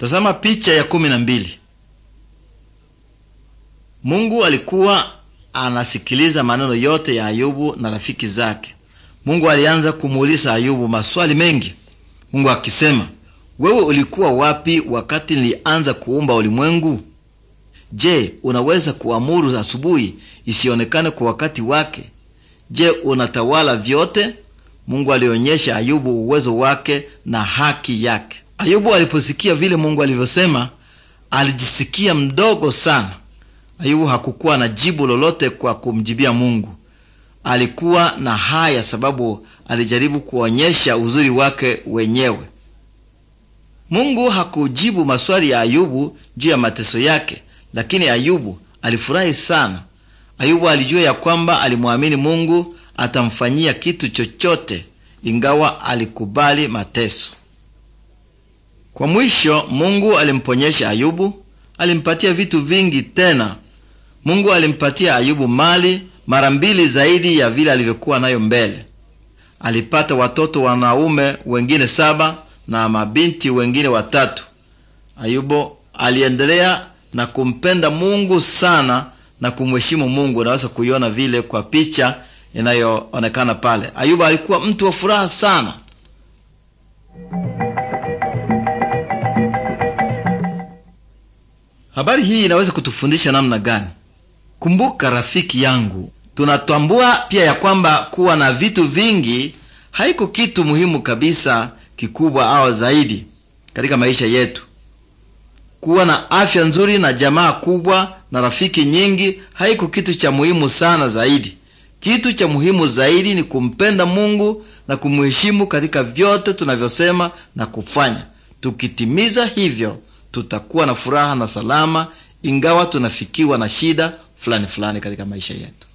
Tazama picha ya kumi na mbili. Mungu alikuwa anasikiliza maneno yote ya Ayubu na rafiki zake. Mungu alianza kumuuliza Ayubu maswali mengi. Mungu akisema, wewe ulikuwa wapi wakati nilianza kuumba ulimwengu? Je, unaweza kuamuru asubuhi isionekane kwa wakati wake? Je, unatawala vyote? Mungu alionyesha Ayubu uwezo wake na haki yake. Ayubu aliposikia vile Mungu alivyosema, alijisikia mdogo sana. Ayubu hakukuwa na jibu lolote kwa kumjibia Mungu. Alikuwa na haya sababu alijaribu kuonyesha uzuri wake wenyewe. Mungu hakujibu maswali ya Ayubu juu ya mateso yake, lakini Ayubu alifurahi sana. Ayubu alijua ya kwamba alimwamini Mungu atamfanyia kitu chochote, ingawa alikubali mateso. Kwa mwisho, Mungu alimponyesha Ayubu, alimpatia vitu vingi tena. Mungu alimpatia Ayubu mali mara mbili zaidi ya vile alivyokuwa nayo mbele. Alipata watoto wanaume wengine saba na mabinti wengine watatu. Ayubu aliendelea na kumpenda Mungu sana na kumheshimu Mungu. Unaweza kuiona vile kwa picha inayoonekana pale. Ayubu alikuwa mtu wa furaha sana. Habari hii inaweza kutufundisha namna gani? Kumbuka rafiki yangu, tunatambua pia ya kwamba kuwa na vitu vingi haiko kitu muhimu kabisa kikubwa au zaidi katika maisha yetu. Kuwa na afya nzuri na jamaa kubwa na rafiki nyingi haiko kitu cha muhimu sana zaidi. Kitu cha muhimu zaidi ni kumpenda Mungu na kumheshimu katika vyote tunavyosema na kufanya. Tukitimiza hivyo tutakuwa na furaha na salama, ingawa tunafikiwa na shida fulani fulani katika maisha yetu.